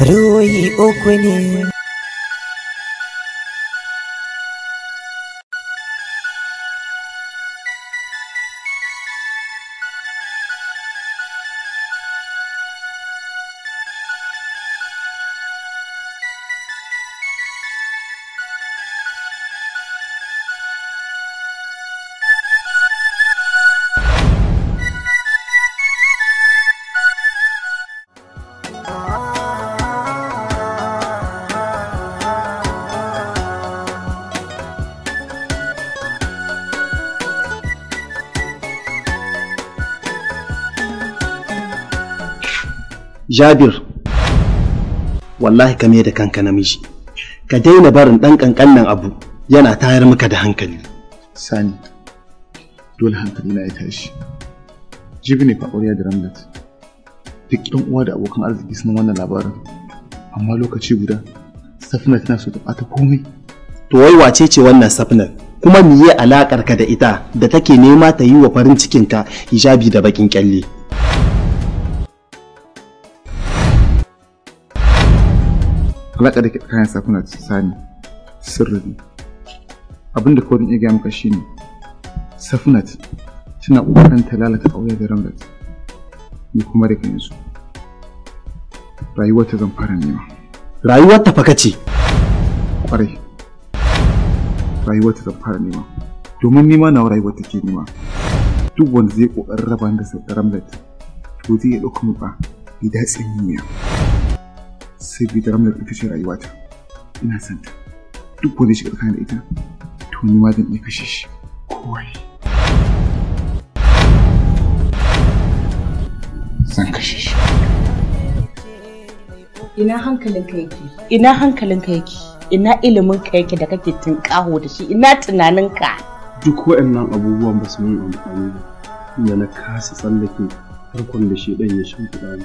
Rui Okwene Jabir, wallahi ka da kanka namiji, ka daina barin ɗan ƙanƙannan abu yana tayar maka da hankali. Sani, dole hankali na ya tashi. Jibi ne fa'uriya da Ramlat. Duk ɗan uwa da abokan arziki sun wannan labarin, amma lokaci guda, Safina tana so ta ɓata komai. To wai wace ce wannan Safinar? Kuma miye alaƙarka da ita da take nema ta yi wa farin cikinka hijabi da baƙin ƙyalle? alaƙa da kayan sakuna sani sirri abinda kodin ya gaya maka shine safinat tana ƙoƙarin ta lalata aure da ramlat ni kuma daga su. rayuwar ta zamfara fara nema rayuwar ta faka ce ƙwarai rayuwar ta zamfara fara nema domin nema na rayuwar take nema duk wanda zai ƙoƙarin raba da ramlat to zai iya ɗaukar mu ba ya datse miya sai da ramlar ita ce rayuwata ina son ta duk wanda shiga tsakanin da ita to ni ma zan iya kashe shi kowai zan kashe shi ina hankalinka yake ina hankalinka yake ina iliminka yake da kake ƙaho da shi ina tunaninka duk waɗannan abubuwan ba su yi amfani ba da na kasa tsallake farkon da shi ɗan ya shimfiɗa ni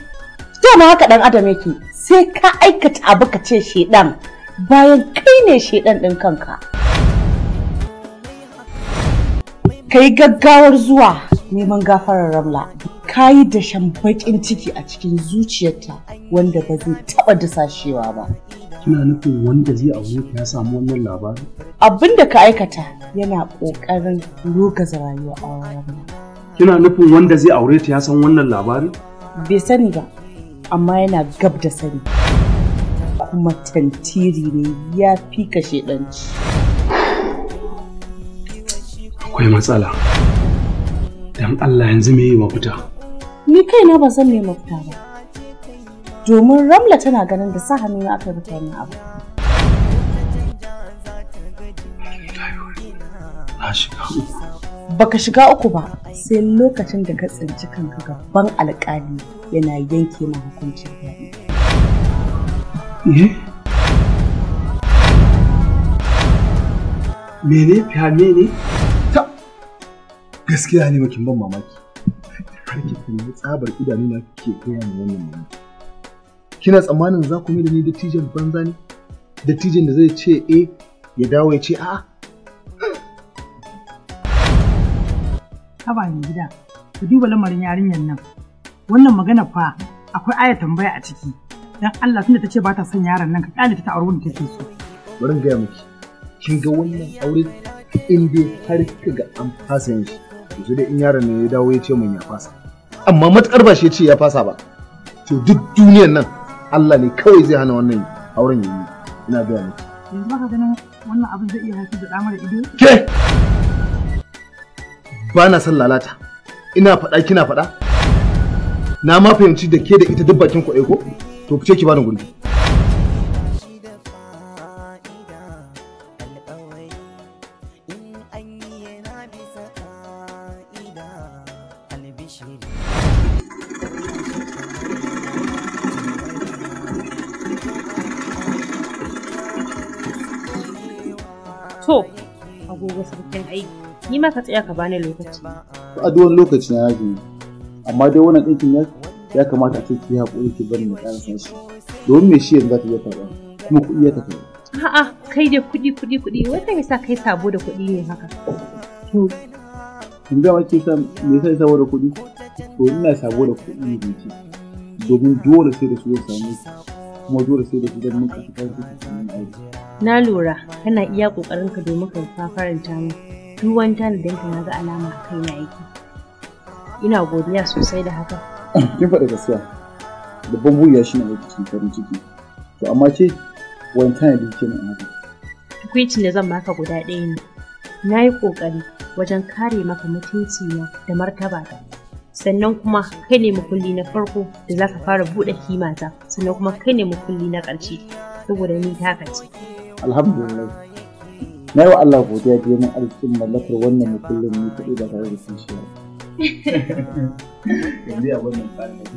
dama haka dan adam yake sai ka aikata abu ka ce shedan bayan kai ne shedan din kanka ka yi gaggawar zuwa neman gafarar ramla ka yi dashen baƙin ciki a cikin zuciyarta wanda ba zai taɓa dasashewa ba kina nufin wanda zai aure ka ya samu wannan labarin abin da ka aikata yana ƙoƙarin rugaza a auren kina nufin wanda zai aure ta ya san wannan labarin bai sani ba amma yana gab da sani kuma tantiri ne ya fi kashe shedanci akwai matsala dan Allah yanzu me yi mafita ni kaina ba san me mafita ba domin ramla tana ganin da sa hannu aka rufe ni abu na shiga uku baka shiga uku ba sai lokacin da ka tsinci kanka gaban alƙali yana yanke ma hukuncin yayi eh? mene fiyame ne ta gaskiya ne makin ban mamaki karki ne tsabar idanu na ke koya ni wannan mamaki kina tsammanin za ku da ni dattijan banza ne dattijan da zai ce eh ya dawo ya ce a'a haba mai gida ka duba lamarin yarinyar nan wannan magana fa akwai aya tambaya a ciki dan Allah tunda tace ba ta son yaron nan ka kyale ta aure wanda take so bari ga miki kin ga wannan aure in dai har kika ga an fasa shi yanzu dai in yaron ne ya dawo ya ce mun ya fasa amma matakar ba shi ya ce ya fasa ba to duk duniyar nan Allah ne kawai zai hana wannan auren yayi ina ga miki yanzu ka ganin wannan abin zai iya haifar da damar ido ke ba na son lalata ina faɗa kina faɗa na ma fahimci da ke da ita duk bakin ku ko to kice ki bani gurbi za ka tsaya ka bani lokaci a duwan lokaci na yaji amma dai wannan ɗinkin ya ya kamata a ce ki haƙuri ki bari na ƙarasa shi domin me shi yanzu za ta iya karɓa kuma kuɗi ya tafi a'a kai da kuɗi kuɗi kuɗi wai kai sa kai sabo da kuɗi ne haka to in ga wace san me yasa sabo da kuɗi to ina sabo da kuɗi ne ce domin dole sai da su ya samu kuma dole sai da su zan muka shi kan su na lura kana iya ƙoƙarinka domin ka faranta mu duk wani tanadin danta na ga alama kai na yake ina godiya sosai da haka kin faɗa gaskiya babban buriya shi ne aiki cikin farin ciki to amma ce wani tanadi ke nan haka tukwicin da zan baka guda ɗaya ne na yi ƙoƙari wajen kare maka mutunci na da martaba ta sannan kuma kai ne mukulli na farko da za ka fara buɗe kimata sannan kuma kai ne mukulli na ƙarshe saboda ni ta ce alhamdulillah na yi wa Allah godiya da yamin arzikin mallakar wannan ne kullum ni kuɗi da tare da sun shi yanzu a wannan tsarin da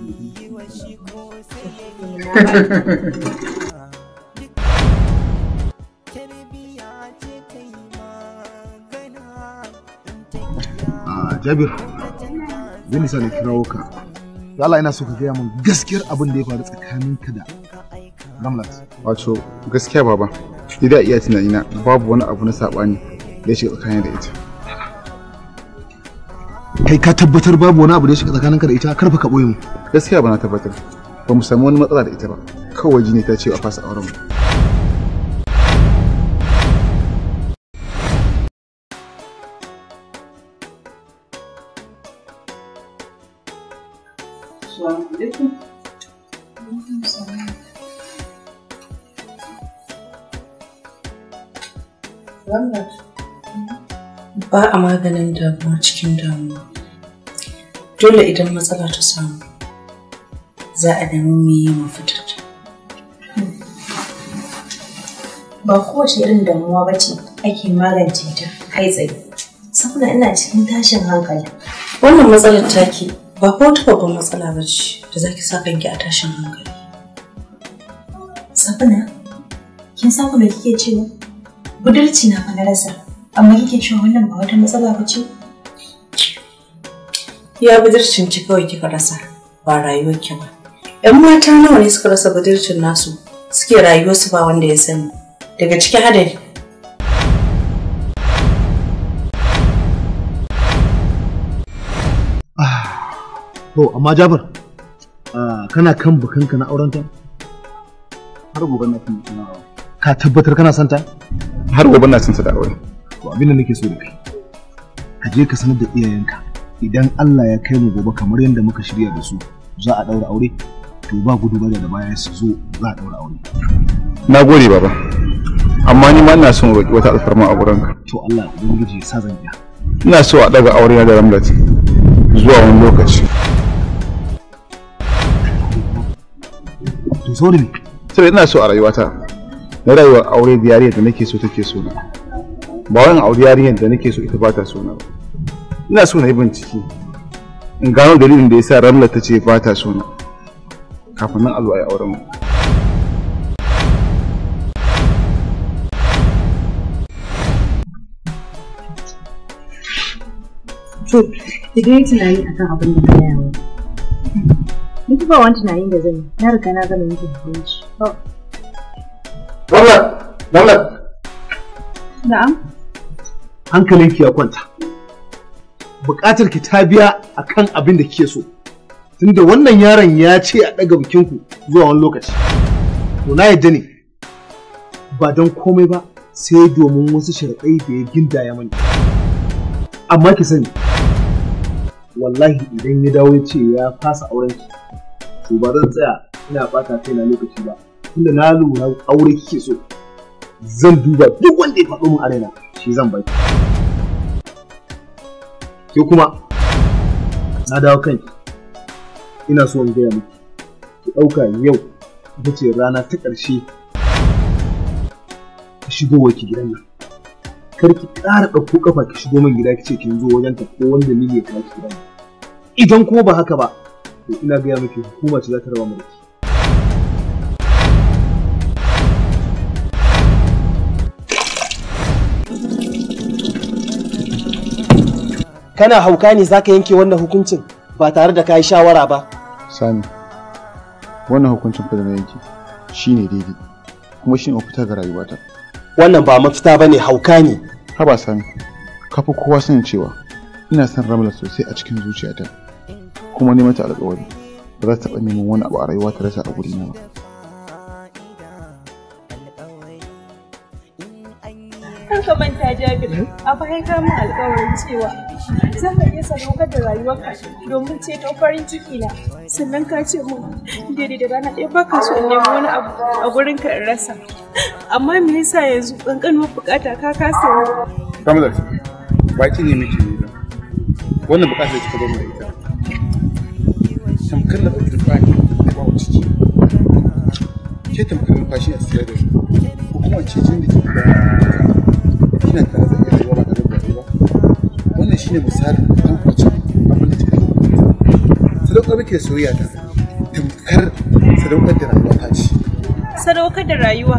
ah, Jabir, zan kirawo ka. Allah ina so ka gaya min gaskiyar abin da ya faru tsakaninka da Ramlat. Wato gaskiya baba. ni da iya tunanina babu wani abu na saɓani da ya shiga tsakanin da ita kai ka tabbatar babu wani abu da ya shiga tsakaninka da ita karfa ka boye mu gaskiya ba na tabbatar ba mu samu wani matsala da ita ba kawai jini ta ce a fasa auren mu ba a maganin damuwa cikin damuwa dole idan matsala ta samu za a nemi mu yi mafita ba kowace irin damuwa ba ce ake magance ta kai tsaye saboda ina cikin tashin hankali wannan matsalar take ba ko ta babban matsala ba ce da za ki sa kanki a tashin hankali safina kin san me kike cewa budurci na fa na rasa amma kike cewa wannan ba wata matsala ba ce? Ya budurcin ci kawai kika rasa ba rayuwar ki ba. ‘Yan mata nawa ne suka rasa budurcin nasu suke rayuwarsu ba wanda ya sani daga ciki hadari. Ah, to, amma Jabir, ah, kana kan bukanka na ta? Har gobe na kan Ka tabbatar kana santa? Har gobe na santa da aure. to abinda da nake so da kai ka je ka sanar da iyayenka idan Allah ya kai mu gobe kamar yadda muka shirya da su za a daura aure to ba gudu ba da baya su zo za a daura aure na gode baba amma ni ma ina son roƙi wata alfarma a gurinka to Allah ubangiji ya sa zan iya ina so a daga aure na da Ramlat zuwa wani lokaci to saboda ina so a rayuwata na rayuwar aure da yare da nake so take so na ba wani auri yarinyar da nake so ita ba ta sona ba ina so na yi bincike in gano dalilin da ya sa ramla ta ce ba ta sona kafin nan a a yi auren mu to idan yi tunani akan abin da ka yawo duk ba wani tunanin da zai yi na riga na gama yin hukunci Ramla! Ramla! Na'am? hankalinki ya kwanta buƙatar ki ta biya kan abin da kike so tunda wannan yaron ya ce a ɗaga bikinku zuwa wani lokaci to na yadda ne ba don komai ba sai domin wasu sharaɗai da ya ginda ya mani amma ki sani wallahi idan ya dawo ce ya fasa auren ki to ba zan tsaya ina ɓata kaina lokaci ba tunda na lura aure kike so zan duba duk wanda ya faɗo min a raina shi zan bai ke kuma na dawo kanki ina so in gaya miki ki ɗauka yau ita ce rana ta ƙarshe ka shigo ki gidan nan kar ki ƙara ɗauko ƙafa ki shigo min gida ki ce kin zo wajen ta ko wanda ni ya kira ki gidan idan ko ba haka ba to ina gaya miki hukuma ce za ta raba mu ki kana hauka ne za ka yanke wannan hukuncin ba tare da ka yi shawara ba sami wannan hukuncin fa da na yanke ne daidai kuma shi ne mafita ga rayuwata wannan ba mafita ba ne, hauka ne haba sami kafa kowa sanin cewa ina son ramla sosai a cikin zuciyata kuma ne mata alƙawari ba za ta taɓa neman wani abu a rayuwa ta rasa a gurina ba ka manta jabir a baya ka alƙawarin cewa zan ka iya sadaukar da rayuwarka domin ceto farin ciki na sannan ka ce mun daidai da rana ɗaya baka so in nemi wani abu a gurin ka in rasa amma me yasa yanzu ƙanƙanuwar buƙata ka kasa yau. Kamala, ba ki ne miki ne wannan buƙatar kika zo mai ita. Tamkar da ba ne da bawa ciki. Ke tamkar numfashi a tsira da ku kuma ce jin da ke da kina tare da wannan shine misalin ɗan kwace abin da take sadaukar muke soyayya ta tamkar sadaukar da rayuwa ta ce sadaukar da rayuwa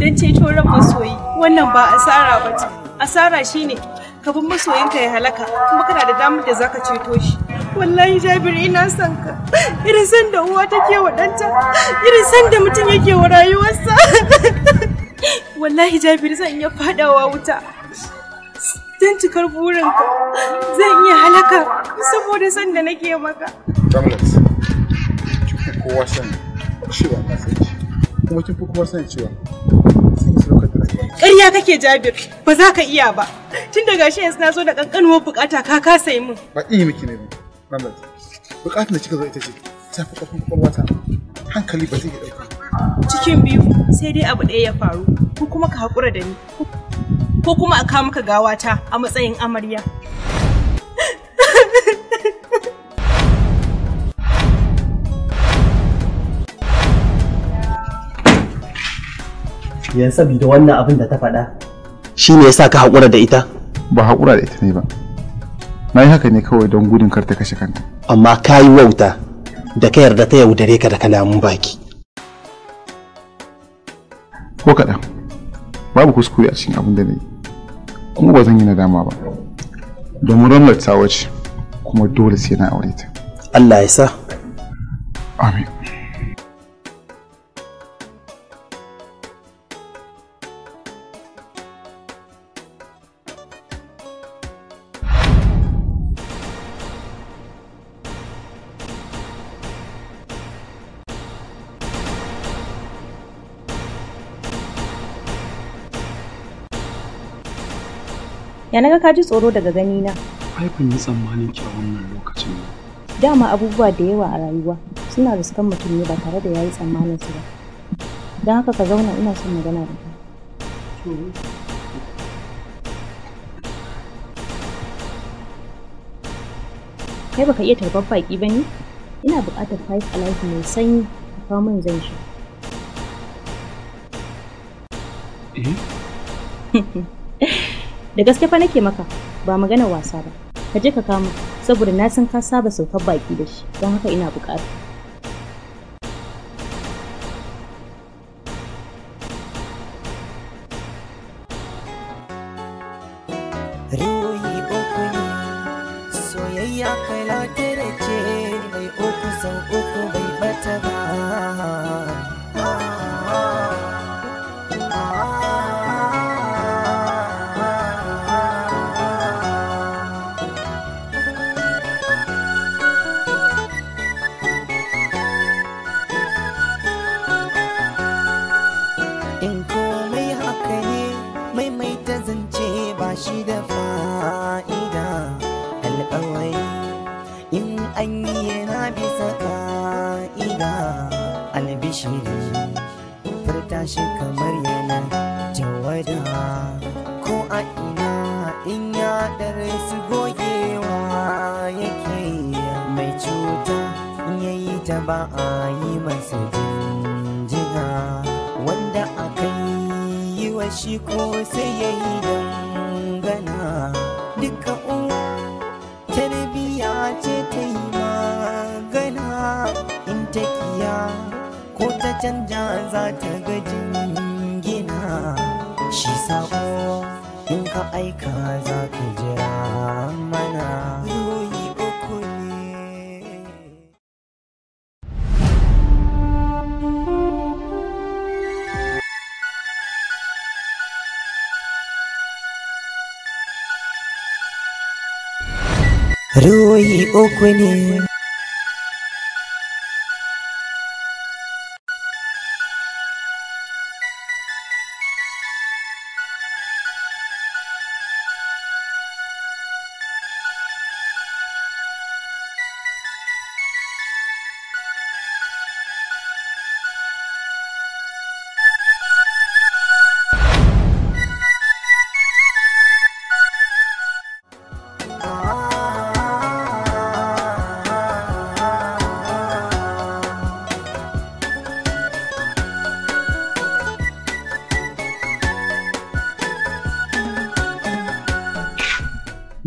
don ceto ran masoyi wannan ba asara ba ce asara shine ka bin masoyinka ya halaka kuma kana da damar da zaka ceto shi wallahi jabir ina son ka irin san da uwa take wa ɗanta irin san da mutum yake wa rayuwarsa wallahi jabir zan iya fadawa wuta don cikar burinka zan iya halaka saboda son da nake maka. Tamlet, kin fi kowa san cewa na san shi, kuma kin fi kowa san cewa sun yi sadaukar da rayuwa. Ƙarya kake Jabir, ba za ka iya ba. Tun daga shi yanzu na zo da ƙanƙanuwar buƙata ka kasa yi min. Ba iya miki ne ba, Tamlet. Buƙatar da kika zo ita ce, ta fi ƙarfin ƙwaƙwalwata, hankali ba zai iya ɗauka. cikin biyu sai dai abu ɗaya ya faru ko kuma ka haƙura da ni ko kuma a kawo maka gawata a matsayin amarya yanzu da wannan abin da ta faɗa shi ne ya sa ka haƙura da ita ba haƙura da ita ne ba na yi haka ne kawai don gudun kar ta kashe kanta amma ka yi wauta da ka yarda ta yaudare ka da kalamun baki ko kaɗan babu kuskure a cikin abin da na yi kuma ba zan yi nadama ba domin ramlar ta wace kuma dole sai na aure ta Allah ya sa amin Ya naga ka ji tsoro daga gani na. Ai ban yi tsammanin ki a wannan lokacin ba. Dama abubuwa da yawa a rayuwa suna riskan mutum ne ba tare da yayi tsammanin su ba. Don haka ka zauna ina son magana da kai. Kai baka iya tarban baki ba ne? Ina buƙatar five alive mai sanyi ka kawo min zan shi. Eh? da gaske fa nake maka ba magana wasa ba ka je ka kama saboda na san ka saba saukar baki da shi don haka ina buƙata tashi kamar yana jawada ko a ina in ya dare su gogewa yake mai cuta in yi ta ba a yi masa jinjina wanda aka yi wa shi ko sai yayi dangana duka uwa canja za ta ga jingina shi sako in ka aika za ka jira mana yoyi Ruhi uku ne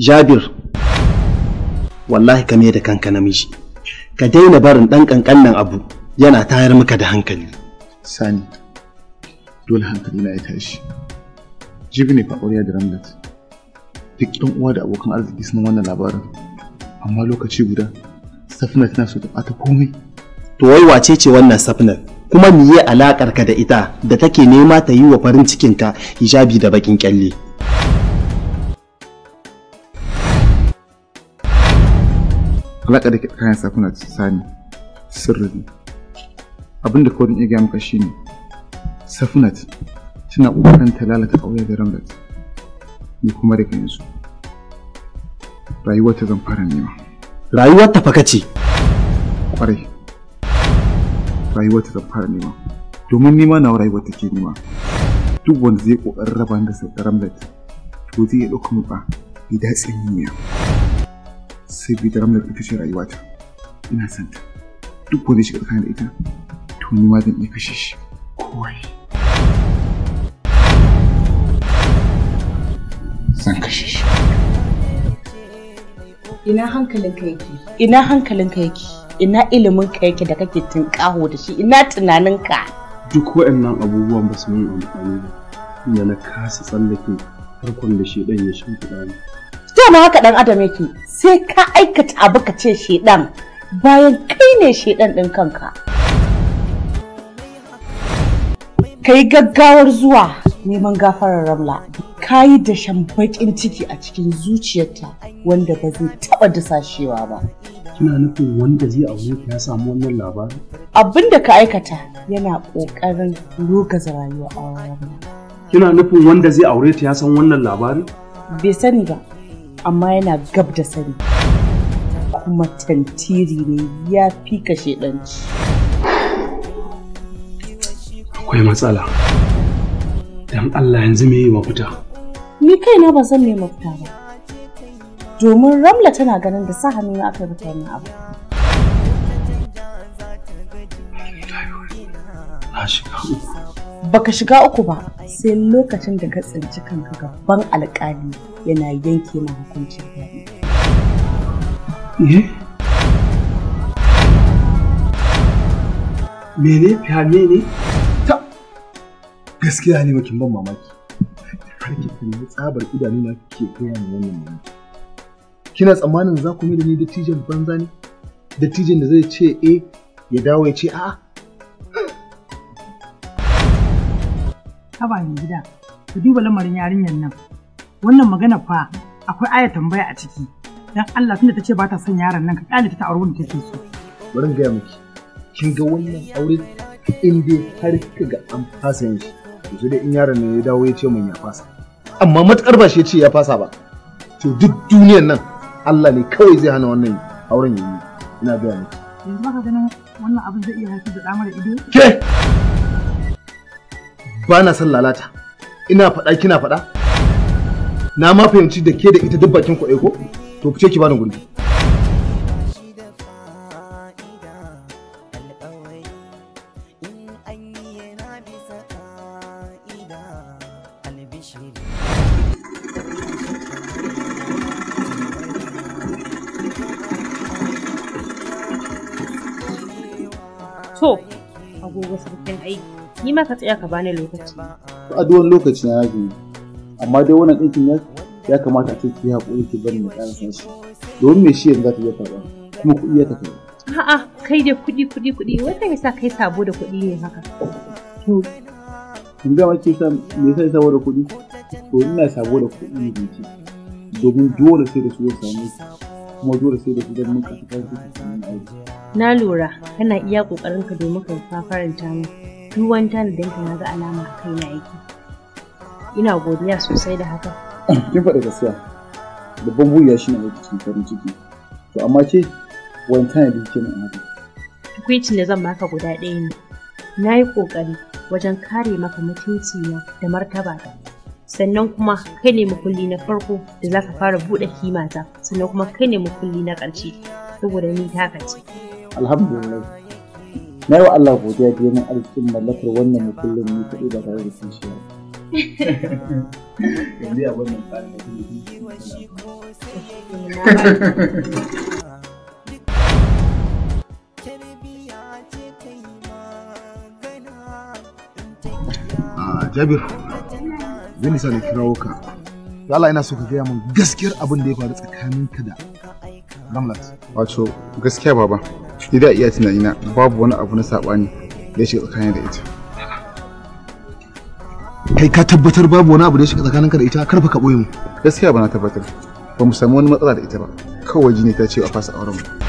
Jabir wallahi ka da kanka namiji ka daina barin ɗan ƙanƙan nan abu yana tayar maka da hankali. Sani dole hankali na ya tashi. Jibi ne fa'uriya da Ramlat duk ɗan uwa da abokan arziki sun wannan labarin amma lokaci guda Safnat tana so ta ɓata komai. To wai wace ce wannan Safnat? kuma miye alakar ka da ita da take nema ta yi wa farin cikinka hijabi da baƙin kyalle. alaƙa da ke tsakanin kuna ta sani sirri abin da kawai ya gaya maka shine safinat tana ƙoƙarin ta lalata ƙauye da ramlat ni kuma daga yanzu rayuwar ta zan fara nema rayuwar ta faka ce ƙwarai rayuwar ta zan fara nema domin nema na rayuwar ta ke nema duk wanda zai ƙoƙarin raba da ramlat to zai iya ɗauka muka ya datse miya sai bita ramlar ita ce rayuwata ina santa duk wanda shiga tsakanin da ita to ni ma zan iya kashe shi kowai zan kashe shi ina hankalinka yake ina hankalinka yake ina iliminka yake da kake tunƙaho da shi ina tunaninka duk waɗannan abubuwan ba su mun amfani ba inda na kasa tsallake harkon da shi ɗan ya shimfiɗa ni dama haka dan adam yake sai ka aikata abu ka ce shedan bayan kai ne shedan din kanka ka yi gaggawar zuwa neman gafarar ramla ka yi dashen baƙin ciki a cikin zuciyarta wanda ba zai taɓa dasashewa ba kina nufin wanda zai aure ka ya samu wannan labarin abin da ka aikata yana ƙoƙarin rogaza rayuwar auren kina nufin wanda zai aure ta ya san wannan labarin bai sani ba amma yana gab da sani kuma tantiri ne ya fi kashe ɗanci. akwai matsala dan Allah yanzu me yi mafita ni kaina ba zan me mafita ba domin ramla tana ganin da sa hannu aka rubuta ni abu na shiga baka shiga uku ba sai lokacin da ka tsinci kanka gaban alƙali yana yanke ma hukuncin yayi eh? mene fyaɗe ne ta gaskiya ne makin ban mamaki har ki kalli tsabar idanu na ke koya ne wannan mamaki kina tsammanin za ku mai da ni dattijan banza ne dattijan da zai ce eh ya dawo ya ce a'a Haba mai gida, ku duba lamarin yarinyar nan. Wannan magana fa akwai aya tambaya a ciki. Dan Allah tunda ta ce ba ta son yaron nan ka kyale ta aure wanda take so. Bari gaya miki, kin ga wannan aure in dai har kika ga an fasa yin shi. Yanzu dai in yaron nan ya dawo ya ce mun ya fasa. Amma matukar ba shi ya ce ya fasa ba. To duk duniyar nan Allah ne kawai zai hana wannan auren yi. Ina gaya miki. Yanzu ba ka ganin wannan abin zai iya haifar da ɗamar ido? Ke! ba na son lalata ina faɗa kina faɗa na ma fahimci da ke da ita duk bakin ku ko to ku ce ki bani gurbi ma ka tsaya ka bani lokaci a duwan lokaci na yaji amma dai wannan ɗinkin ya ya kamata a ce ki haƙuri ki bari na ƙarasa shi domin me shi yanzu za ta iya karɓa kuma kuɗi ya tafi a'a kai da kuɗi kuɗi kuɗi wata ya sa kai sabo da kuɗi ne haka to in ga wace sa me yasa sabo da kuɗi to ina sabo da kuɗi ne ce domin dole sai da su ya samu kuma dole sai da su don mun ƙasa kan su na lura kana iya ƙoƙarinka domin ka faranta mu duk wani tanadin ka na ga alama a kai na yake ina godiya sosai da haka kin faɗa gaskiya babban buriya shi ne cikin farin ciki to amma ke wani tanadi yake nan haka tukwicin da zan baka guda ɗaya ne na yi ƙoƙari wajen kare maka mutunci na da martaba ta sannan kuma kai ne mukulli na farko da za ka fara buɗe kimata sannan kuma kai ne mukulli na ƙarshe saboda ni ta ce alhamdulillah na wa Allah godiya biyu yamin arzikin mallakar wannan kullum ne kuɗi ba tare da sun yanzu ya wannan ah, Jabir, zai nisa da kirawo ka. Allah ina so ka gaya min gaskiyar abin da ya faru tsakaninka da Ramlat. Wato gaskiya baba. ni da iya tunani na babu wani abu na sabani da ya shiga tsakanin da ita kai ka tabbatar babu wani abu da ya shiga tsakaninka da ita karfa ka boye mu gaskiya ba na tabbatar ba mu samu wani matsala da ita ba kawai jini ta ce a fasa auren mu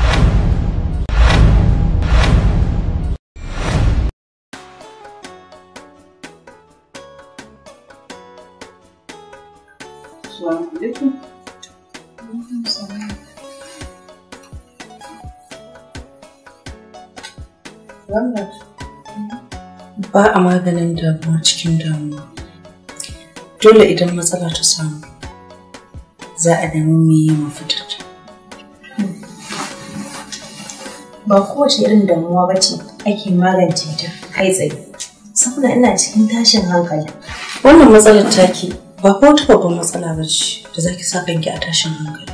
ba a maganin damuwa cikin damuwa dole idan matsala ta samu za a nemi mai mafita. ta ba kowace irin damuwa ba ce ake magance ta kai tsaye saboda ina cikin tashin hankali wannan matsalar take ba ko ta babban matsala ba ce da za ki sa kanki a tashin hankali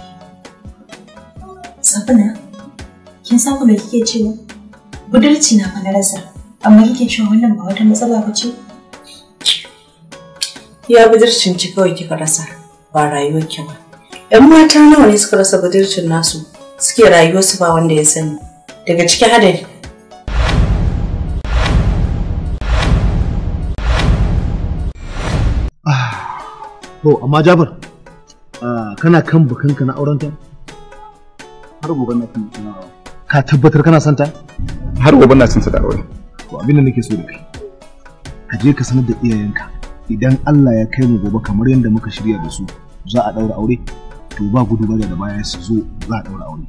sabina kin san me kike cewa budurci na fa na rasa amma kike cewa wannan ba wata matsala ba ce ya budurcin ci kawai kika rasa ba rayuwar ki ba yan mata nawa ne suka rasa budurcin nasu suke rayuwarsu ba wanda ya sani daga ciki hadari ah, To, amma Jabir, ah, kana kan bukanka na aurenta? Har gobe na kan Ka tabbatar kana santa? Har gobe na son da aure. to abin da nake so da kai ka je ka sanar da iyayenka idan Allah ya kai mu gobe kamar yadda muka shirya da su za a daura aure to ba gudu ba da baya su zo za a daura aure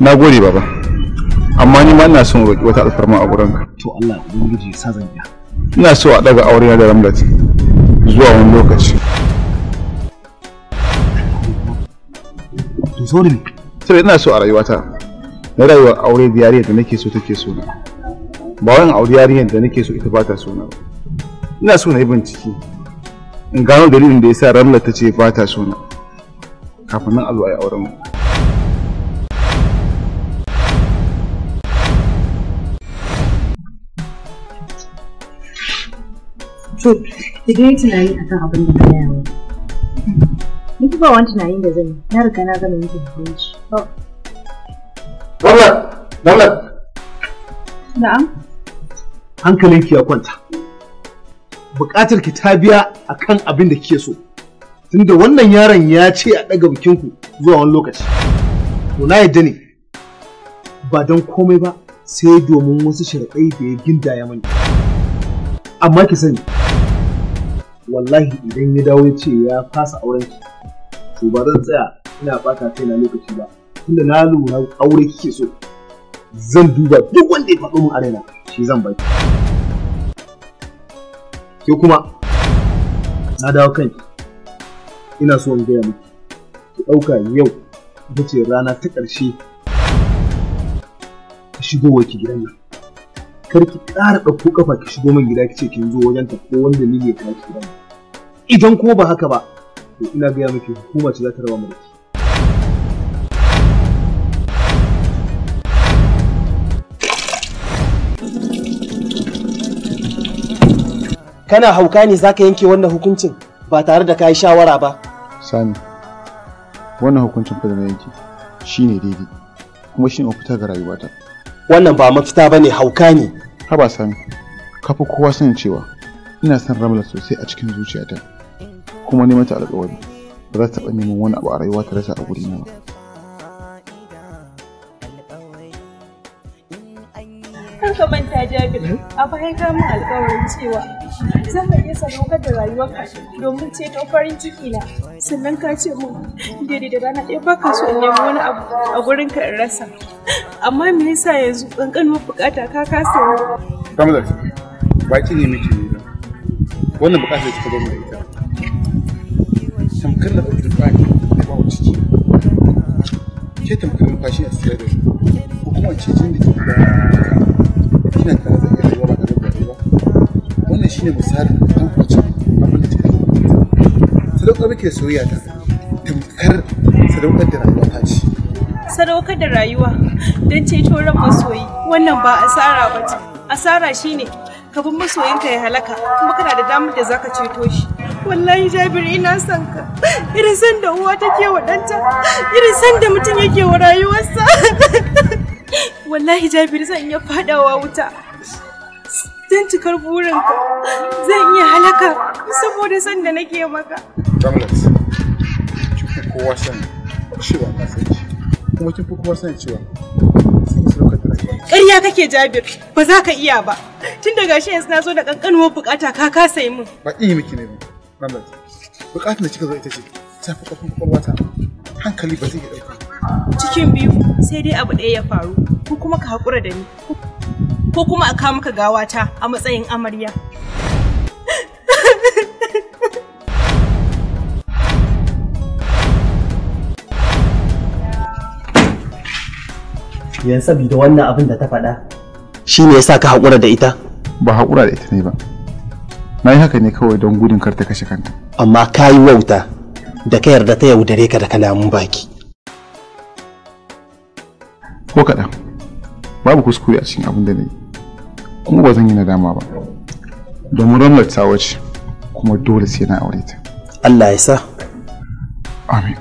na gode baba amma ni ma ina son roki wata alfarma a ka to Allah ubangiji sa zan iya ina so a daga aure na da Ramlat zuwa wani lokaci to ne sai ina so a rayuwata na rayuwar aure da yariya da nake so take so na ba wani auri yarinyar da nake so ita bata suna ba ina so na yi bincike in gano dalilin da ya sa ramla ta ce bata suna kafin nan a zo a yi auren mu to idan yi tunani akan abin da ka yawo ni ba wani tunanin da zan na riga na gama yin hukunci Ramla! Ramla! Na'am? hankalinki ya kwanta buƙatar ki ta biya akan abin da kike so tunda wannan yaron ya ce a ɗaga bikinku zuwa wani lokaci to na yadda ne ba don komai ba sai domin wasu sharaɗai da ya ginda ya mani amma ki sani wallahi idan ya dawo ya ce ya fasa auren ki to ba zan tsaya ina bata kaina lokaci ba tunda na lura aure kike so zan duba duk wanda ya faɗo min a raina shi zan baki ke kuma na dawo kanki ina so in gaya miki ki ɗauka yau ita ce rana ta ƙarshe ki shigo wa ki gidan nan kar ki ƙara ɗauko ƙafa ki shigo min gida ki ce kin zo wajen ta ko wanda ni ne ka ki gidan idan ko ba haka ba to ina gaya miki hukuma ce za ta raba mu kana hauka ne zaka yanke wannan hukuncin ba tare da yi shawara ba sani wannan hukuncin fa da na yanke shine daidai kuma shine mafita ga rayuwata wannan ba mafita bane hauka ne haba sani kafa kowa sanin cewa ina son ramla sosai a cikin zuciyata kuma neman ta alƙawari ba za ta taɓa neman wani abu a rayuwa ta rasa a guri na ba kanka manta jabir a bayan gama alƙawarin cewa zan ka iya sadaukar da rayuwarka domin ceto farin ciki na sannan ka ce mun daidai da rana ɗaya baka so in nemi wani abu a gurin ka in rasa amma me yasa yanzu kankanuwar bukata ka kasa yau? kamar baki ne miki ne ba wannan bukatar ta zama ita tamkar da ɗauki baki da ba ciki ke tamkar numfashi a siyar da ko kuma ce jin da ke da kina tare da ne shine misalin tankwacin abin da take sadaukar muke soyayya ta tamkar sadaukar da rayuwa ta ce sadaukar da rayuwa don ceto ran masoyi wannan ba asara ba ce asara ne, ka bin masoyinka ya halaka kuma kana da damar da zaka ceto shi wallahi jabir ina son ka irin san da uwa take wa ɗanta irin san da mutum yake wa rayuwarsa wallahi jabir zan iya fadawa wuta zan cikar burinka zan iya halaka saboda san da nake maka. Jamlet, kin fi kowa sani cewa na san shi, kuma kin fi kowa sani cewa sun yi saukar da Ƙarya kake Jabir, ba za ka iya ba. Tun da gashi yanzu na zo da ƙanƙanuwar buƙata ka kasa yi min. Ba iya miki ne ba, Jamlet. Buƙatar da kika zo ita ce, ta fi ƙarfin ƙwarwata, hankali ba zai iya ɗauka. Cikin biyu sai dai abu ɗaya ya faru, ko kuma ka haƙura da ni, ko kuma a kawo maka gawata a matsayin amarya. Yan sabida wannan abin da ta faɗa. Shi ne ya sa ka haƙura da ita? Ba haƙura da ita ne ba. Na yi haka ne kawai don gudun kar ta kashe kanta. Amma ka yi wauta da ka yarda ta yaudare ka da kalamun baki. Ko kaɗan. babu kuskure a cikin abin da na yi kuma ba zan yi nadama ba domin ranar ta wace kuma dole sai na aure Allah ya sa amin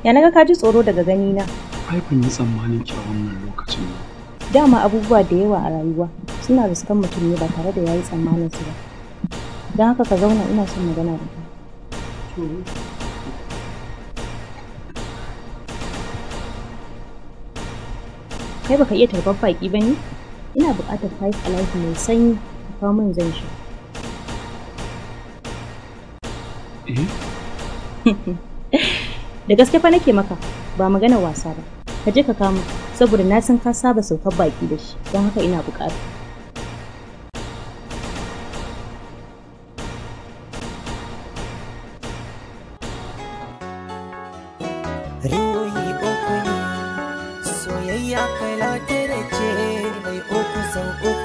Ya naga ka ji tsoro daga gani na. Ai ban yi tsammanin ki a wannan lokacin ba. Dama abubuwa da yawa a rayuwa suna sukan mutum ne ba tare da yayi tsammanin su ba. Don haka ka zauna ina son magana da kai. Kai baka iya tarbar baki ba ne? Ina buƙatar a alaji mai sanyi ka kawo zan sha. Eh? da gaske fa nake maka ba magana wasa ba ka je ka kama saboda na san ka saba saukar baki da shi don haka ina bukata soyayya kai ce mai uku sau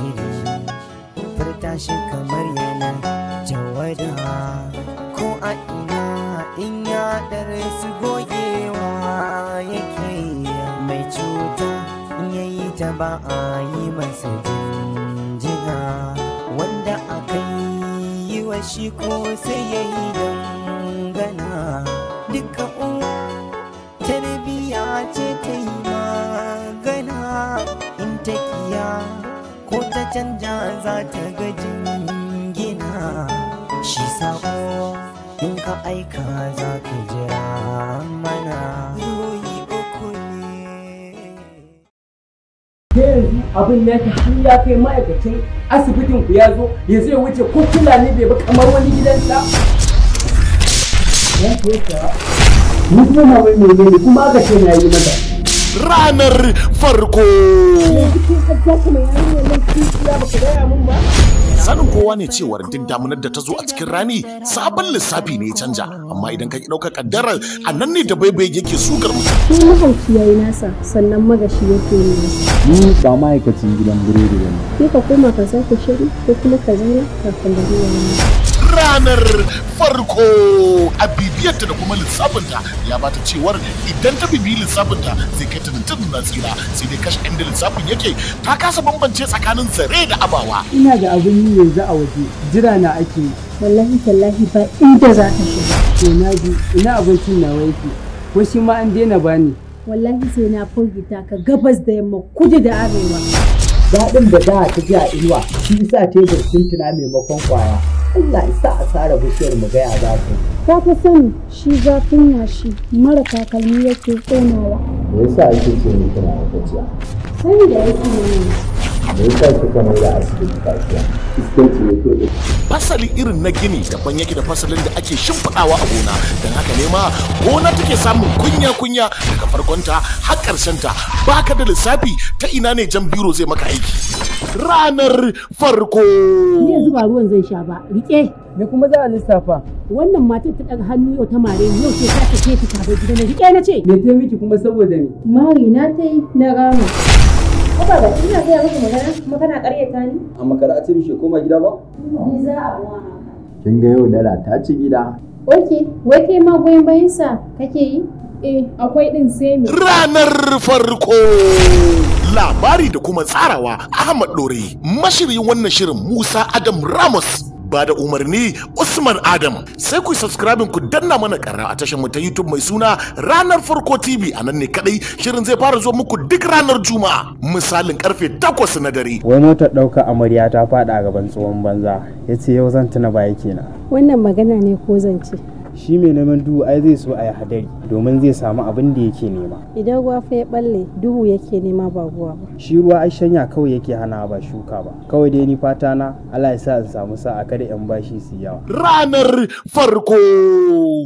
shiri furta shi kamar yana jawada ko a ina in ya su gogewa yake mai cuta ya yi ta ba a yi masa jinjina wanda aka yi wa shi ko sai ya yi dangana duka uwa tarbiya ce ta yi magana in ta kiya ko ta canja za ta ga jingina shi sako in ka aika za ka jira mana yoyi uku ne yanzu abin ya ta har ya kai ma'aikacin asibitin ku ya zo ya zai wuce ko kula ne bai ba kamar wani gidan sa ya ce ka ni kuma mai mai kuma aka ce na yi mata ranar farko sanin kowa ne cewar duk damunar da ta zo a cikin rani sabon lissafi ne ya canja amma idan ka ɗauka kaddarar a nan ne da baibai yake sukar mutum. Shi mahauci ya yi nasa sannan magashi yake yi Ni ba ma'aikacin gidan biredi ba ne. ka koma ka sake shiri ko kuma ka zama kafin da ruwa ranar farko a bibiyarta da kuma lissafinta ya bata cewar idan ta bibiyi lissafinta zai kai ta tuntun na tsira sai dai kashe inda lissafin yake ta kasa bambance tsakanin zare da abawa ina da abin yi yanzu a waje jira na ake wallahi tallahi ba inda za ta shiga to na ji ina abincin na yake ko shi ma an daina bani wallahi sai na ta ka gabas da yamma kudu da arewa daɗin da za ta ji a inuwa shi sa tebur tuntuna maimakon kwaya Allah ya sa a tsara bishiyar mu gaya za ku. Ka fi sani shi zafin yashi mara takalmi yake tsonawa. Me yasa ake ce ni a wata Sani da yake ne. fasali irin na gini daban yake da fasalin da ake shimfiɗawa a gona don haka ne ma gona take samun kunya-kunya daga farkonta har ta baka da lissafi ta ina ne jan biro zai maka aiki ranar farko ni yanzu ruwan zai sha ba rike me kuma za a lissafa wannan matar ta ɗaga hannu yau ta mare yau ce ta ce ta tabar gida na rike na ce me ta miki kuma saboda ni mari na ta yi na Ba ba na gaya muku magana kuma kana ƙaryata ni? A makara a ce mishi koma gida ba? Ni za a buwa Kin ga yau dala ta ci gida. ok wai kai ma goyon bayan sa kake yi? Eh, akwai ɗin sai ne. Ranar farko. Labari da kuma tsarawa Ahmad Dore, mashirin wannan shirin Musa Adam Ramos ba da umarni Usman Adam sai ku subscribe ku danna mana karra a tashar mu ta YouTube mai suna ranar farko TV a nan ne kadai shirin zai fara zo muku duk ranar Juma'a misalin karfe 8 na dare wai motar dauka amarya ta fada a gaban tsohon banza yace yau zan tuna ba yake na wannan magana ne ko zance shi mai neman duhu ai zai so a yi hadari domin zai samu abin da yake nema idan ruwa fa ya balle duhu yake nema ba ruwa ba shi ruwa ai shanya kawai yake hana ba shuka ba kawai dai ni fata na Allah ya sa in samu sa'a kada yan bashi su yawa ranar farko